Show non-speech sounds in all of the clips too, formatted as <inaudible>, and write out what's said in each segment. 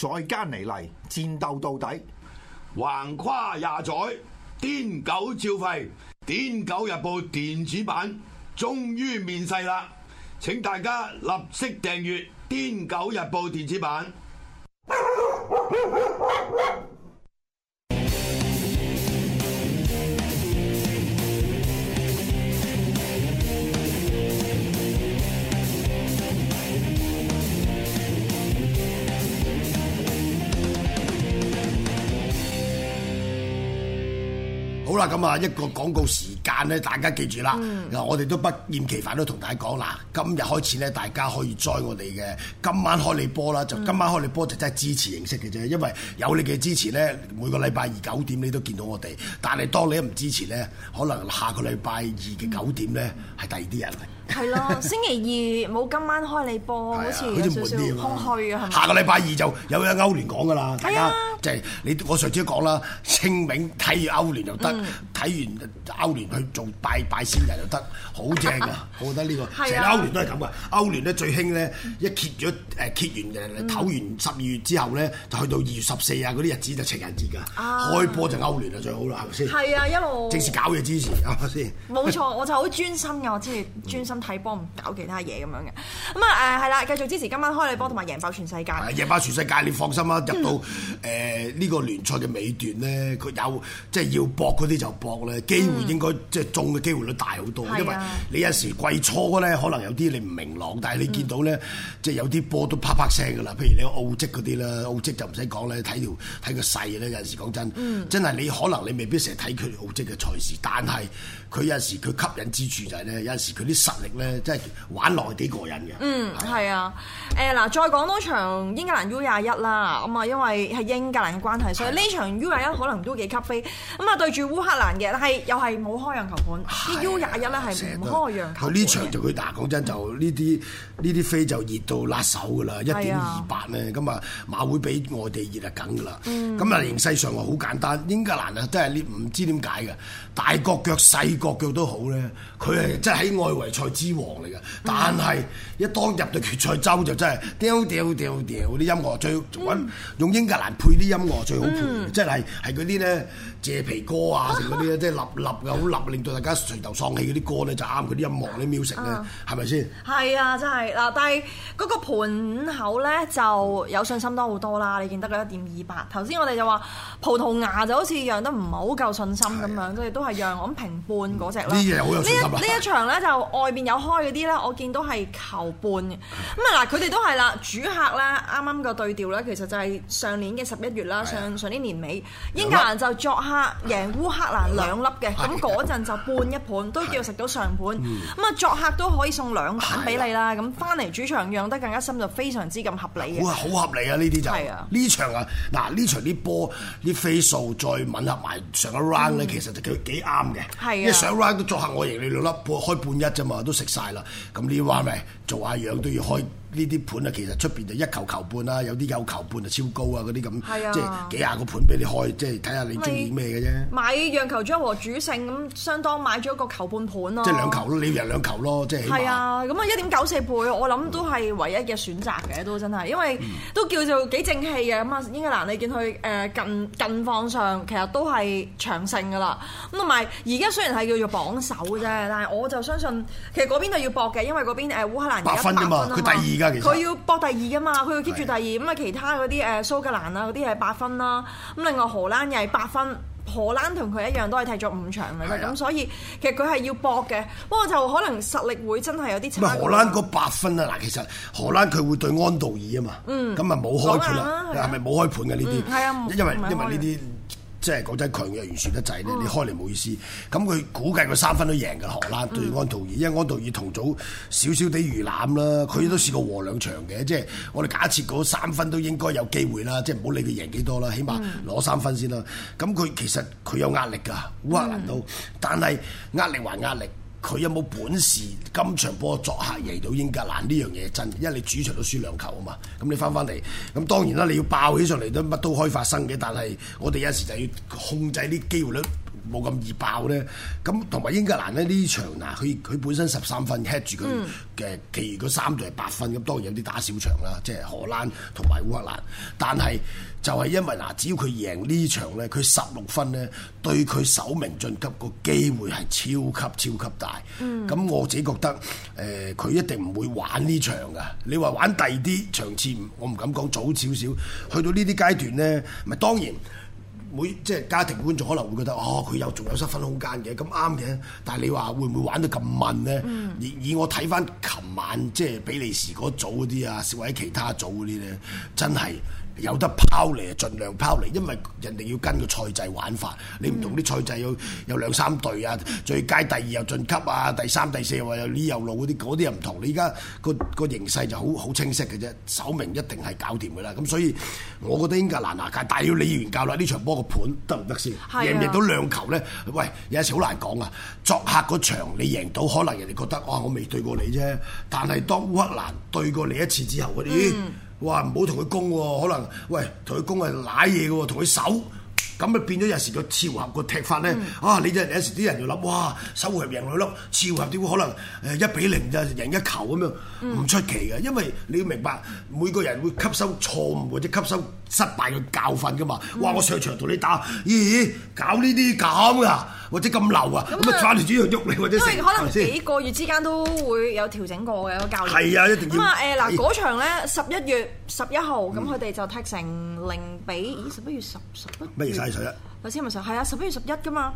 再加尼嚟，戰鬥到底。橫跨廿載，癲狗照吠。癲狗日報電子版終於面世啦！請大家立即訂閱《癲狗日報》電子版。 <laughs> 好啦，咁啊一個廣告時間咧，大家記住啦。嗱、嗯，我哋都不厭其煩都同大家講啦。今日開始咧，大家可以 join 我哋嘅今晚開你波啦。就今晚開你波，就真係支持形式嘅啫。因為有你嘅支持咧，每個禮拜二九點你都見到我哋。但係當你唔支持咧，可能下個禮拜二嘅九點咧係第二啲人。係咯，星期二冇今晚開你波，好似有少少空虛啊，係下個禮拜二就有阿歐聯講㗎啦，大家，即係你我上次講啦，清明睇完歐聯又得，睇完歐聯去做拜拜先人又得，好正啊！我覺得呢個成歐聯都係咁㗎。歐聯咧最興咧，一揭咗誒揭完嘅唞完十二月之後咧，就去到二月十四啊嗰啲日子就情人節㗎，開波就歐聯就最好啦，係咪先？係啊，一路正式搞嘢之前，係咪先？冇錯，我就好專心㗎，我真係專心。睇波唔搞其他嘢咁樣嘅，咁、嗯、啊誒係啦，繼、嗯、續支持今晚開你波同埋贏爆全世界，贏爆全世界你放心啦，入到誒呢、嗯呃這個聯賽嘅尾段咧，佢有即係要搏嗰啲就搏咧，機會應該、嗯、即係中嘅機會率大好多，嗯、因為你有陣時季初咧可能有啲你唔明朗，但係你見到咧即係有啲波都啪啪聲噶啦，譬如你澳職嗰啲啦，澳職就唔使講啦，睇條睇個細咧，有陣時講真，嗯、真係你可能你未必成日睇佢澳職嘅賽事，但係佢有陣時佢吸引之處就係、是、咧，有陣時佢啲實力。咧即係玩落係幾過癮嘅。嗯，係啊。誒嗱，再講多場英格蘭 U 廿一啦，咁啊，因為係英格蘭嘅關係，所以呢場 U 廿一可能都幾吸飛。咁啊，嗯、對住烏克蘭嘅，但係又係冇開洋球盤。啊、U 廿一咧係唔開洋球呢場就佢，嗱，講真就呢啲呢啲飛就熱到甩手㗎啦。一點二八咧，咁啊，馬會比外地熱得緊㗎啦。咁啊、嗯、形勢上話好簡單，英格蘭啊真係你唔知點解嘅大國腳細國腳都好咧，佢係即係喺外圍賽。之王嚟嘅，但係一當入到決賽周就真係屌屌屌屌。嗰啲音樂，最揾用英格蘭配啲音樂最好配，即係係嗰啲咧借皮歌啊成粒粒，成嗰啲即係立立嘅好立，令到大家垂頭喪氣嗰啲歌咧就啱佢啲音樂啲 music 咧，係咪先？係吧啊，真係嗱，但係嗰個盤口咧就有信心多好多啦。你見得佢一點二八，頭先我哋就話葡萄牙就好似讓得唔係好夠信心咁樣，所以、啊、都係讓咁平半嗰隻啦。呢、嗯、一呢、啊、一場咧就外邊。 <laughs> 有開嗰啲咧，我見到係求半嘅。咁啊嗱，佢哋都係啦。主客咧，啱啱個對調咧，其實就係上年嘅十一月啦。上的上年年尾，英格蘭就作客贏烏克蘭兩粒嘅。咁嗰陣就半一盤，都叫食到上盤。咁啊的，嗯、作客都可以送兩盤俾你啦。咁翻嚟主場讓得更加深，就非常之咁合理嘅。好啊，好合理啊！呢啲就呢的場啊，嗱呢場啲波啲飛數再吻合埋上一 round 咧，其實就叫幾啱嘅。係啊的，上一 round 都作客我贏你兩粒半，開半一啫嘛。的的都食晒啦，咁呢啲話咪做下樣都要開。 <music> 呢啲盤啊，其實出面就一球球半啦，有啲有球半就超高是啊，嗰啲咁，即係幾廿個盤俾你開，即係睇下你中意咩嘅啫。買讓球將和主勝咁，相當買咗一個球半盤咯，啊。即係兩球，嗯、你贏兩球咯，即係。係啊，咁啊一點九四倍，我諗都係唯一嘅選擇嘅都真係，因為都叫做幾正氣嘅咁啊。嗯、英格蘭你見佢誒近近況上其實都係長勝噶啦，咁同埋而家雖然係叫做榜首啫，但係我就相信其實嗰邊係要搏嘅，因為嗰邊誒烏克蘭一分啫嘛，佢第二。佢要搏第二㗎嘛，佢要 keep 住第二咁啊！是的 其他嗰啲誒蘇格蘭啊嗰啲係八分啦，咁另外荷蘭又係八分，荷蘭同佢一樣都係踢咗五場嘅，咁是的 所以其實佢係要搏嘅，不過就可能實力會真係有啲差。荷蘭嗰八分啊！嗱，其實荷蘭佢會對安道爾啊嘛，咁啊冇開盤啦，係咪冇開盤嘅呢啲？係啊、嗯，因為因為呢啲。即係嗰仔強弱完全得滯咧，oh. 你開嚟冇意思。咁佢估計佢三分都贏嘅，荷蘭對安道爾，oh. 因為安道爾同組少少啲魚腩啦，佢、oh. 都試過和兩場嘅。即係我哋假設嗰三分都應該有機會啦，即係唔好理佢贏幾多啦，起碼攞三分先啦。咁佢、oh. 其實佢有壓力㗎，烏克蘭都，oh. 但係壓力還壓力。佢有冇本事今場波作客贏到英格蘭呢樣嘢真，因為你主場都輸兩球啊嘛，咁你翻翻嚟，咁當然啦，你要爆起上嚟都乜都可以發生嘅，但係我哋有時就要控制啲機會率。冇咁易爆呢，咁同埋英格蘭咧呢場嗱，佢佢本身十三分 head 住佢嘅，其餘嗰三隊係八分，咁、嗯、當然有啲打小場啦，即係荷蘭同埋烏克蘭。但係就係因為嗱，只要佢贏呢場呢，佢十六分呢，對佢首名晉級個機會係超級超級大。咁、嗯、我自己覺得，誒、呃、佢一定唔會玩呢場噶。你話玩第啲場次我，我唔敢講早少少。去到呢啲階段呢，咪當然。每即係家庭觀眾可能會覺得哦，佢又仲有失分空間嘅，咁啱嘅。但係你話會唔會玩到咁悶咧？以、嗯、以我睇翻琴晚即係比利時嗰組嗰啲啊，或者其他組嗰啲咧，嗯、真係。有得拋嚟就盡量拋嚟，因為人哋要跟個賽制玩法，你唔同啲賽制有有兩三隊啊，最佳第二又晉級啊，第三第四話有呢又路嗰啲，嗰啲又唔同。你而家個個形勢就好好清晰嘅啫，首名一定係搞掂嘅啦。咁所以，我覺得英格蘭牙界，但係要理完教啦，呢場波個盤得唔得先？贏唔贏到兩球咧？喂，有一次好難講啊。作客嗰場你贏到，可能人哋覺得哇我我未對過你啫。但係當烏克蘭對過你一次之後嗰啲。嗯哇！唔好同佢攻喎，可能喂同佢攻係瀨嘢嘅喎，同佢守。咁啊變咗有時個超合個踢法咧，嗯、啊你就有時啲人就諗，哇，收回合，合贏佢咯，超合點會可能誒一比零就贏一球咁樣，唔、嗯、出奇嘅，因為你要明白每個人會吸收錯誤或者吸收失敗嘅教訓噶嘛。哇，我上場同你打，咦、欸，搞呢啲咁噶，或者咁流啊，咁啊翻到轉又喐你或者成頭可能幾個月之間都會有調整過嘅個教練。係啊，一定要。咁啊誒嗱嗰場咧，十一月十一號咁，佢哋、嗯、就踢成零比十一月十十乜十先唔千蚊。係啊，十一月十一噶嘛，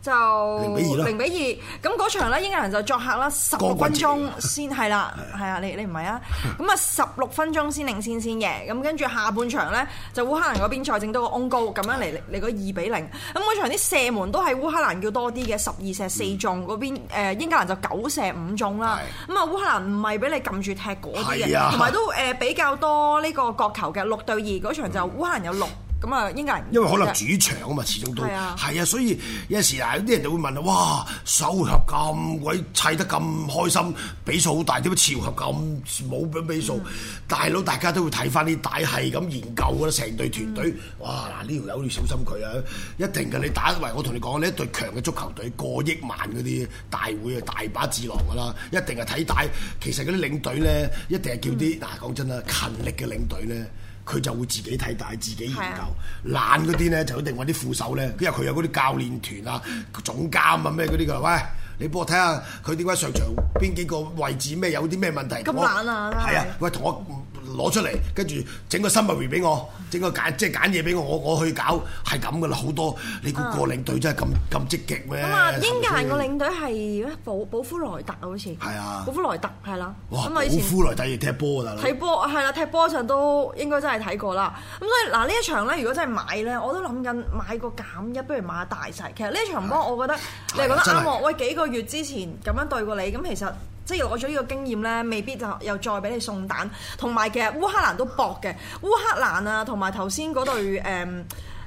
就零比二咯，咁嗰場咧，英格蘭就作客啦，十六分鐘先係啦，係啊，你你唔係啊。咁啊，十六分鐘先領先先嘅。咁跟住下半場咧，就烏克蘭嗰邊再整到個 on goal 咁樣嚟嚟個二比零。咁嗰場啲射門都係烏克蘭叫多啲嘅，十二射四中嗰邊，英格蘭就九射五中啦。咁啊，烏克蘭唔係俾你撳住踢嗰啲嘅，同埋都誒比較多呢個角球嘅六對二嗰場就烏克蘭有六。咁啊，應該因為可能主場啊嘛，始終都係是啊，啊，所以有時啊，有啲人就會問啦，哇，首合咁鬼砌得咁開心，比數好大，點解次合咁冇比比數？嗯、大佬，大家都會睇翻啲帶，係咁研究㗎啦，成隊團隊。嗯、哇！嗱，呢條友要小心佢啊，一定㗎！你打埋我同你講，呢一隊強嘅足球隊，過億萬嗰啲大會啊，大把智囊㗎啦，一定係睇帶。其實嗰啲領隊咧，一定係叫啲嗱，講、嗯、真啊，勤力嘅領隊咧。佢就會自己睇大，自己研究。啊、懶嗰啲咧就一定搵啲副手咧，因為佢有嗰啲教練團啊、總監啊咩嗰啲㗎。喂，你幫我睇下佢點解上場邊幾個位置咩有啲咩問題？咁懶啊！係啊，喂，同我。攞出嚟，跟住整個新 u m m 俾我，整個揀即係揀嘢俾我，我我去搞係咁噶啦。好多你估個領隊真係咁咁積極咩？咁啊，英格蘭個領隊係咩？保保夫萊特好似係是啊，保夫萊特係啦，咁啊，保哇、嗯、夫萊特要踢波球啊，大睇波係啦，踢波場都應該真係睇過啦。咁所以嗱，呢一場咧，如果真係買咧，我都諗緊買個減一，不如買個大細。其實呢一場波，我覺得、啊、你係講得啱喎、啊。喂，幾個月之前咁樣對過你，咁其實。即係攞咗呢個經驗呢，未必就又再俾你送蛋。同埋其實烏克蘭都搏嘅，烏克蘭啊，同埋頭先嗰對誒。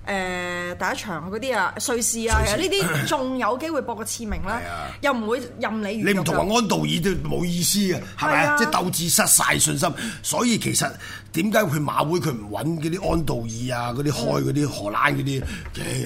誒第一場嗰啲啊，瑞士啊，其實呢啲仲有機會博個次名啦，又唔會任你你唔同話安道爾都冇意思啊，係咪啊？即係鬥志失晒信心，所以其實點解佢馬會佢唔揾嗰啲安道爾啊，嗰啲開嗰啲荷蘭嗰啲，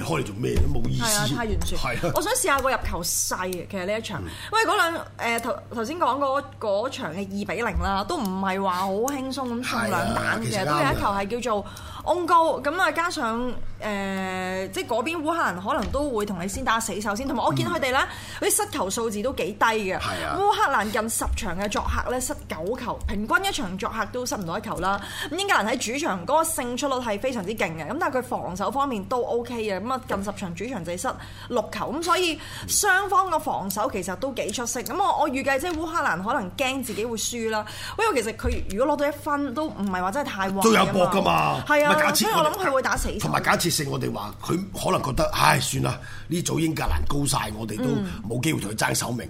開嚟做咩都冇意思。係啊，太懸殊。係啊，我想試下個入球細啊，其實呢一場，喂嗰兩誒頭先講嗰嗰場嘅二比零啦，都唔係話好輕鬆咁送兩蛋嘅，都有一球係叫做 own goal 咁啊，加上。誒、呃，即係嗰邊烏克蘭可能都會同你先打死手先，同埋我見佢哋呢，啲、嗯、失球數字都幾低嘅。嗯、烏克蘭近十場嘅作客呢，失九球，平均一場作客都失唔到一球啦。咁英格蘭喺主場嗰個勝出率係非常之勁嘅，咁但係佢防守方面都 OK 嘅。咁啊近十場主場就失六球，咁所以雙方嘅防守其實都幾出色。咁我我預計即係烏克蘭可能驚自己會輸啦，因為其實佢如果攞到一分都唔係話真係太旺。都有搏㗎嘛。係啊，所以我諗佢會打死手。同埋我哋話佢可能覺得，唉，算啦，呢組英格蘭高晒，我哋都冇機會同佢爭首名，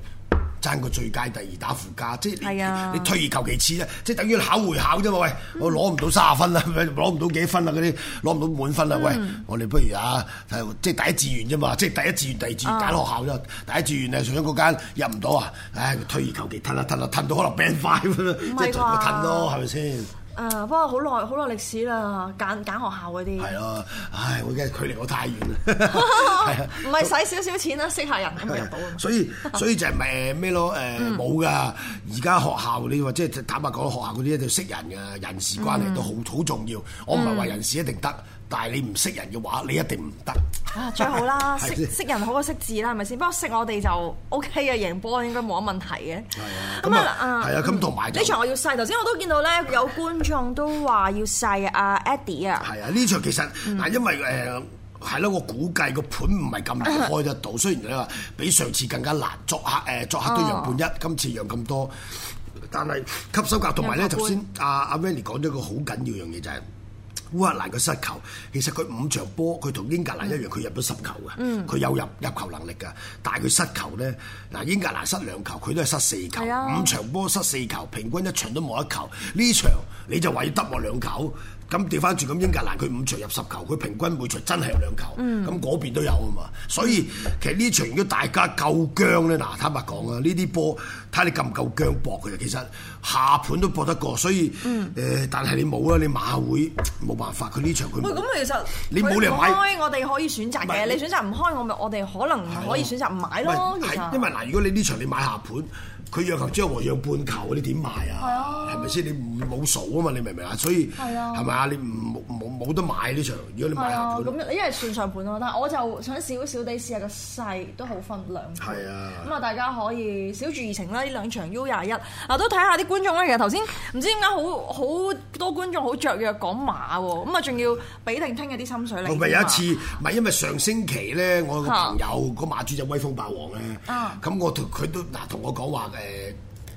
爭個最佳第二打附加，即係你是、啊、你退而求其次咧，即係等於考會考啫嘛，喂，我攞唔到卅分啦，攞唔到幾分啦，嗰啲攞唔到滿分啦，嗯、喂，我哋不如啊，即係第一志願啫嘛，即係第一志願、第二志願揀學校啫、嗯、第一志願誒上咗嗰間入唔到、哎、啊，唉、啊，退而求其次啦，褪啦褪到可能 band 5，即係盡量褪咯，係咪先？誒，不過好耐好耐歷史啦，揀揀學校嗰啲。係咯、啊，唉，我驚距離我太遠。唔係使少少錢啦，識下人咁入到。所以所以就係誒咩咯？誒冇噶，而家、嗯、學校你話即係坦白講，學校嗰啲一定要識人噶，人事關係都好好重要。嗯、我唔係話人事一定得。嗯嗯但係你唔識人嘅話，你一定唔得。啊，最好啦 <laughs> 是，識識人好過識字啦，係咪先？不過識我哋就 OK 嘅，贏波應該冇乜問題嘅。係啊，咁就、嗯、啊，係啊，咁同埋呢場我要細。頭先我都見到咧，有觀眾都話要細啊，Eddie 啊。係啊，呢場其實嗱，嗯、因為誒係咯，我估計個盤唔係咁容易開得到。嗯、雖然你話比上次更加難作客，誒作客都讓半一，哦、今次讓咁多，但係吸收夠，同埋咧，頭先阿阿 Wendy 講咗個好緊要樣嘢就係。烏克蘭嘅失球，其實佢五場波，佢同英格蘭一樣，佢入咗十球嘅，佢有入入球能力嘅，但係佢失球呢？嗱，英格蘭失兩球，佢都係失四球，的五場波失四球，平均一場都冇一球，呢場你就話要 double 兩球。咁調翻轉咁英格蘭佢五場入十球，佢平均每場真係有兩球。咁嗰邊都有啊嘛，所以其實呢場如果大家夠僵咧，嗱坦白講啊，呢啲波睇你夠唔夠僵搏嘅。其實下盤都搏得過，所以誒，但係你冇啦，你馬會冇辦法。佢呢場佢冇，你唔開，我哋可以選擇嘅。你選擇唔開，我咪我哋可能可以選擇唔買咯。因為嗱，如果你呢場你買下盤，佢讓球之後我讓半球，你點買啊？係咪先？你冇數啊嘛，你明唔明啊？所以係咪？你唔冇冇得買呢場？如果你買下，咁因為算上盤咯。但係我就想少少地試下個細，都好分兩。係啊！咁啊，大家可以小注怡情啦！呢兩場 U 廿一啊，都睇下啲觀眾啦，其實頭先唔知點解好好多觀眾好雀躍講馬喎。咁啊，仲要俾定聽日啲心水嚟。唔係有一次，唔係、啊、因為上星期咧，我個朋友個馬主就威風霸王咧。咁的、啊、我同佢都嗱，同、啊、我講話誒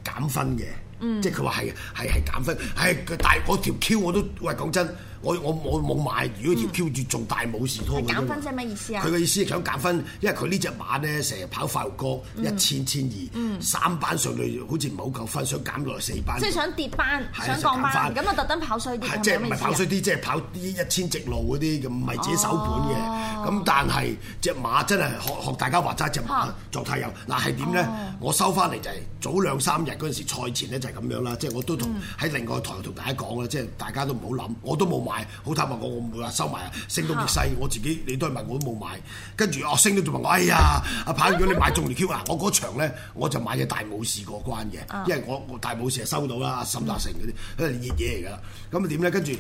減分嘅。.嗯，是是，即係佢話係啊，係係減分，係係，但係我條 Q 我都喂講真。我我我冇買，如果條標住仲大冇事拖佢減分即係乜意思啊？佢嘅意思係想減分，因為佢呢隻馬咧成日跑快活谷一千千二三班上去好似唔係好夠分，想減落四班。即係想跌班，想降班，咁啊特登跑衰啲。即係唔係跑衰啲？即係跑啲一千直路嗰啲咁，唔係自己手本嘅。咁但係隻馬真係學學大家話齋，隻馬狀態有。嗱係點咧？我收翻嚟就係早兩三日嗰陣時賽前咧就係咁樣啦。即係我都同喺另外台同大家講啦，即係大家都唔好諗，我都冇。好坦白講，我唔會話收埋啊，升到越細， <music> 我自己你都係問我都冇買。跟住哦，升到仲問我，哎、啊、呀，阿鵬，如果你買中聯 Q 啊，我嗰場咧，我就買嘅大武士過關嘅，因為我我大武士啊收到啦，沈達成嗰啲，因為熱嘢嚟噶啦。咁啊點咧？跟住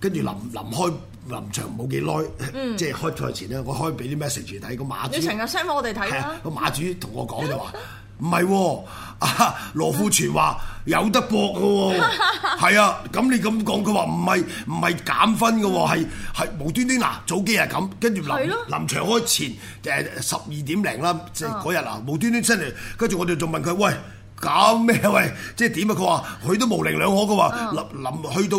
跟住臨臨開、嗯、臨場冇幾耐，嗯、即係開賽前咧，我開俾啲 message 睇，個馬你成日 send 我哋睇啦。個馬主同我講就話。 <laughs> 唔係喎，羅富全話有得搏嘅喎，係啊， <laughs> 咁你咁講，佢話唔係唔係減分嘅喎，係係 <laughs> 無端端嗱，早機日早幾日咁，跟住臨臨場開前誒十二點零啦，即係嗰日啊，無端端出嚟，跟住我哋仲問佢喂。咁咩喂？即係點啊？佢話佢都模棱兩可嘅話，臨臨去到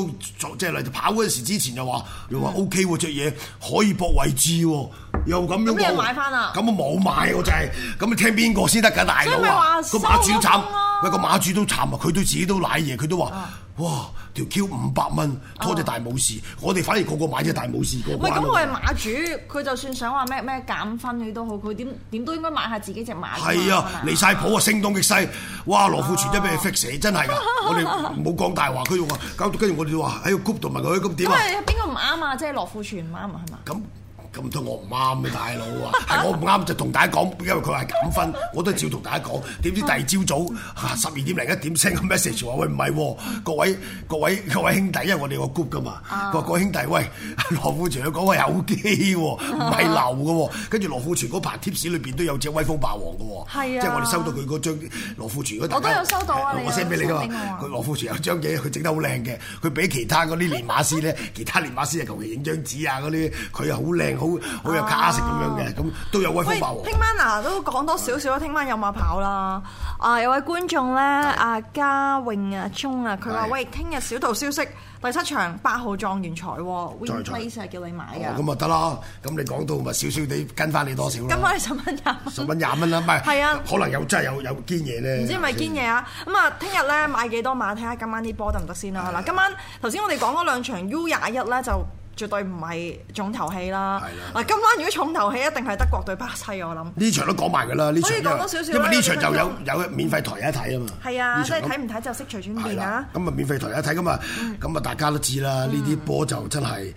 即係嚟跑嗰陣時之前又話又話 OK 喎，隻嘢可以搏位置喎，又咁樣講。咁啊冇買喎了，我買我就係咁，你聽邊個先得㗎，大佬啊！個馬主都慘，啊、喂，個馬主都慘啊，佢都自己都舐嘢，佢都話。哇！條 Q 五百蚊拖隻大武士，oh. 我哋反而個個買隻大武士。喂，咁，我係馬主，佢 <laughs> 就算想話咩咩減分你都好，佢點點都應該買下自己隻馬。係啊，離晒譜啊，聲東擊西，哇！羅富全一俾佢 fix 死，真係噶，我哋唔好講大話。佢用啊。搞到跟住我哋話喺個 group 度佢咁點啊？因為邊個唔啱啊？即係羅富全唔啱啊？係嘛？ <laughs> 咁多我唔啱嘅大佬啊！係我唔啱就同大家講，因為佢係減分，我都照同大家講。點知第二朝早十二點零一點聲咁 m e s s a g e 話，喂，唔係、哦、各位各位各位兄弟，因為我哋個 group 噶嘛，各位兄弟，喂，羅富全嗰個有機喎，唔係流嘅喎。跟住 Yeah. 羅富全嗰排貼士裏邊都有隻威風霸王嘅喎，Yeah. 即係我哋收到佢個張羅富全嗰。我都有收到啊！我 send 俾你㗎嘛？佢羅富全有張嘢，佢整得好靚嘅，佢比其他嗰啲練馬師咧， <laughs> 其他練馬師啊求其影張紙啊嗰啲，佢又好靚。好好有價值咁樣嘅，咁都有威風霸王聽晚啊，都講多少少啦。聽晚有馬跑啦。啊，有位觀眾咧，阿嘉、泳啊、聰啊，佢話：喂，聽日小道消息，第七場八號狀元彩喎，Win Place 係叫你買㗎。咁咪得啦，咁你講到咪少少，你跟翻你多少啦？今晚十蚊廿蚊。十蚊廿蚊啦，唔係。係啊。可能有真係有有堅嘢咧。唔知係咪堅嘢啊？咁啊，聽日咧買幾多馬？睇下今晚啲波得唔得先啦。嗱，今晚頭先我哋講嗰兩場 U 廿一咧就。絕對唔係重頭戲啦！嗱，今晚如果重頭戲一定係德國對巴西，我諗呢場都講埋㗎啦。呢場多少少，因為呢場就有有免費台一睇啊嘛。係啊，所以睇唔睇就悉隨尊便啊。咁啊，免費台一睇咁啊，咁啊，大家都知啦。呢啲波就真係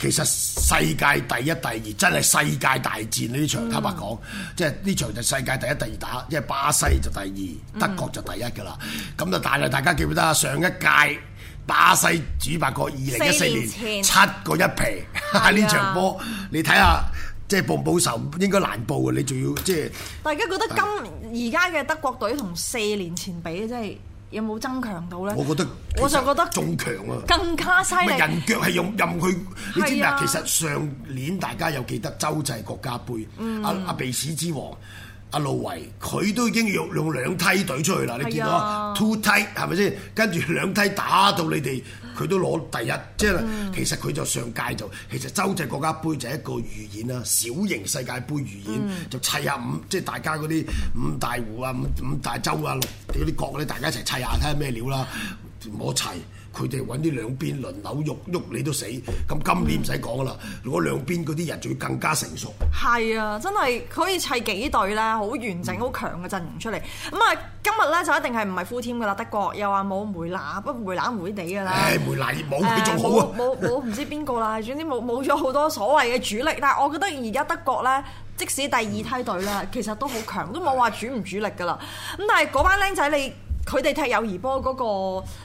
其實世界第一、第二真係世界大戰呢場。坦白講，即係呢場就世界第一、第二打，因為巴西就第二，德國就第一㗎啦。咁就但係大家記唔記得上一屆？巴西主辦過二零一四年前七個一皮，喺呢、啊、 <laughs> 場波，你睇下即係報唔報仇，應該難報啊。你仲要即係。大家覺得今而家嘅德國隊同四年前比，即係有冇增強到咧？我覺得，我就覺得仲強啊，更加犀利。人腳係用任佢，你知唔知啊？其實上年大家有記得洲際國家杯，阿阿鼻屎之王。阿路維，佢都已經用用兩梯隊出去啦，你見到啊，two、哎、呀 梯係咪先？跟住兩梯打到你哋，佢都攞第一，嗯、即係其實佢就上屆就其實洲際國家杯就係一個預演啦，小型世界盃預演、嗯、就砌下五，即係大家嗰啲五大湖啊、五,五大洲啊嗰啲國嗰大家一齊砌一下睇下咩料啦，冇砌。佢哋揾啲兩邊輪扭喐喐，你都死。咁今年唔使講噶啦，如果兩邊嗰啲人就會更加成熟。係啊，真係可以砌幾隊啦，好完整、好強嘅陣容出嚟。咁啊，今日咧就一定係唔係 full team 噶啦？德國又話冇梅拿，不過梅拿唔會哋噶啦。唉，梅拿葉冇佢仲好啊。冇冇唔知邊個啦？總之冇冇咗好多所謂嘅主力。但係我覺得而家德國咧，即使第二梯隊啦，其實都好強，都冇話主唔主力噶啦。咁但係嗰班僆仔你。佢哋踢友誼波嗰個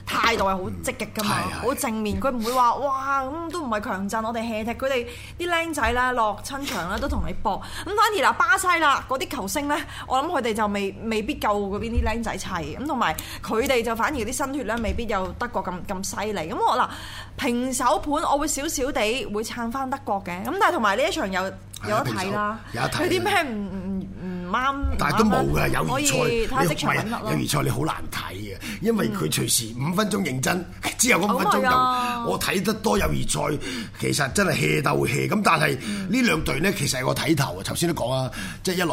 態度係好積極㗎嘛，好、嗯、正面，佢唔會話哇咁都唔係強陣，我哋 hea 踢，佢哋啲僆仔咧落親場咧都同你搏。咁反而嗱巴西啦嗰啲球星咧，我諗佢哋就未未必夠嗰邊啲僆仔砌咁，同埋佢哋就反而啲新血咧未必有德國咁咁犀利，咁我嗱平手盤我會少少地會撐翻德國嘅，咁但係同埋呢一場又有，有得睇啦，佢啲咩唔唔唔？啱，但係都冇㗎，友誼賽，唔係啊！友誼你是賽你好難睇嘅，因為佢隨時五分鐘認真，之後嗰五分鐘又，啊、我睇得多友誼賽，其實真係 hea 鬥 hea。咁但係呢兩隊呢，其實係我睇頭啊！頭先都講啊，即係一來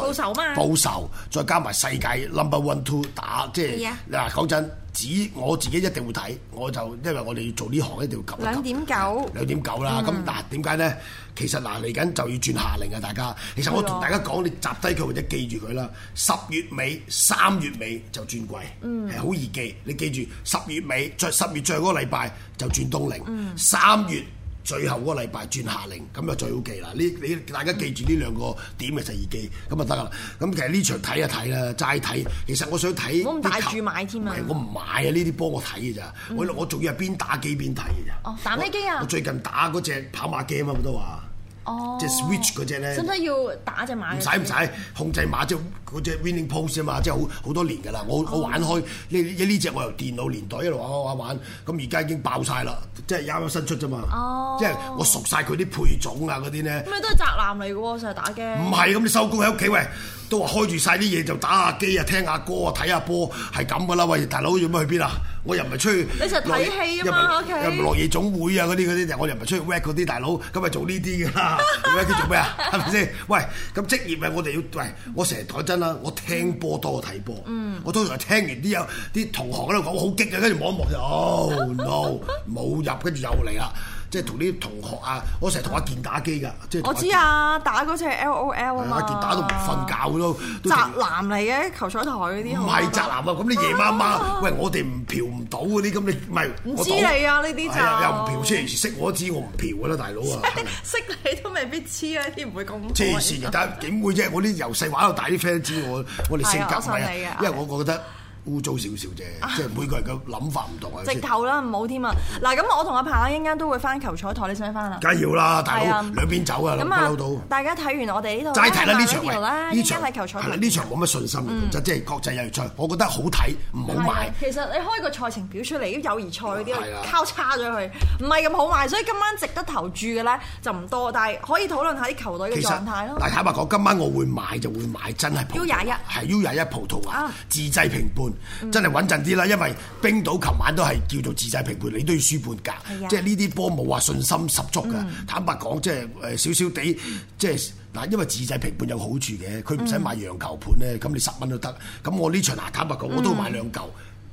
報仇再加埋世界 number one two 打，即係你話講真。指我自己一定會睇，我就因為我哋做呢行一定要及一兩點九兩點九啦。咁但係點解呢？其實嗱嚟緊就要轉夏令嘅、啊、大家。其實我同大家講，的你集低佢或者記住佢啦。十月尾三月尾就轉季，係好、mm. 易記。你記住十月尾在十月最後嗰個禮拜就轉冬令，三、mm. 月。最後嗰個禮拜轉下令，咁就最好記啦。呢你，你大家記住呢兩個點其實易記，咁就得啦。咁其實呢場睇一睇啦，齋睇。其實我想睇，我唔帶住買添啊！我唔買啊，呢啲波我睇嘅咋。我我仲、嗯、要係邊打機邊睇嘅咋。哦，打咩機啊我？我最近打嗰隻跑馬機吖嘛，佢都話。哦、即係 switch 嗰隻咧，使唔使要打隻馬？唔使唔使，控制馬即隻 winning post 啊嘛，即係好好多年噶啦。我、哦、我玩開呢呢隻，這個、我由電腦年代一路玩玩玩，咁而家已經爆晒啦，即係啱啱新出啫嘛。哦、即係我熟晒佢啲配種啊嗰啲咧，咪、哦、都係宅男嚟噶喎，成日打機。唔係，咁你收工喺屋企喂。都話開住晒啲嘢就打下機啊、聽下歌啊、睇下波係咁㗎啦。喂，大佬要乜去邊啊？我又唔係出去。你就睇戲啊嘛，落又唔落夜總會啊嗰啲嗰啲，我又唔係出去 work 嗰啲大佬，咁咪做呢啲㗎啦。 <laughs> 做咩？做咩啊？係咪先？喂，咁職業咪我哋要。喂，我成日講真啦，我聽波多過睇波。嗯。 <laughs> 我通常係聽完啲有啲同學喺度講好激啊，跟住望一望就、oh, no 冇入， <laughs> 跟住又嚟啦。即係同啲同學啊，我成日同阿健打機㗎，即係我知啊，打嗰隻 L O L 啊嘛。阿、啊、健打到唔瞓覺囉。宅男嚟嘅球彩台嗰啲。唔係宅男啊，咁你夜媽媽，啊、喂我哋唔嫖唔到嗰啲，咁你唔係。唔知打你啊呢啲真係。又唔嫖出嚟識我，我知我唔嫖啦，大佬啊。 <laughs> <laughs> 識你都未必黐啊，啲唔會咁。黐線，但點會啫？我啲由細玩到大啲 friend 知我，我哋性格唔係啊， <laughs> <laughs> 因為我我覺得。污糟少少啫，即係每個人嘅諗法唔同啊！直投啦，唔好添啊！嗱，咁我同阿彭啊，一間都會翻球彩台，你想唔想翻啊？梗係要啦，大佬兩邊走啊，兩邊都。大家睇完我哋呢度。齋睇啦呢場，喂，呢場係啦，呢場冇乜信心，即係國際友誼賽，我覺得好睇，唔好買。其實你開個賽程表出嚟，啲友誼賽嗰啲交叉咗佢，唔係咁好買，所以今晚值得投注嘅咧就唔多，但係可以討論下啲球隊嘅狀態咯。但坦白講，今晚我會買就會買，真係 U 廿一，係 U 廿一葡萄牙自制平半。嗯、真係穩陣啲啦，因為冰島琴晚都係叫做自製平盤，你都要輸半格，的即係呢啲波冇話信心十足噶。嗯、坦白講，即係誒少少地，即係嗱，因為自製平盤有好處嘅，佢唔使買洋球盤咧，咁、嗯、你十蚊都得。咁我呢場啊，坦白講，我都買兩嚿，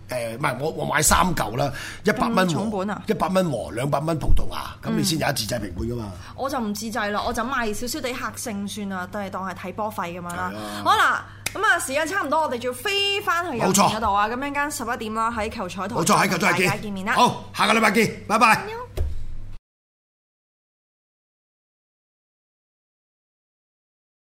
誒唔係我我買三嚿啦，一百蚊，本一百蚊和兩百蚊葡萄牙，咁你先有自製平盤噶嘛？我就唔自製啦，我就賣少少地客勝算啦，都係當係睇波費咁樣啦。的好嗱。咁啊，時間差唔多，我哋就要飛返去遊艇嗰度啊！咁樣間十一點啦，喺球，球彩台大家見面啦。好，下個禮拜見，拜拜。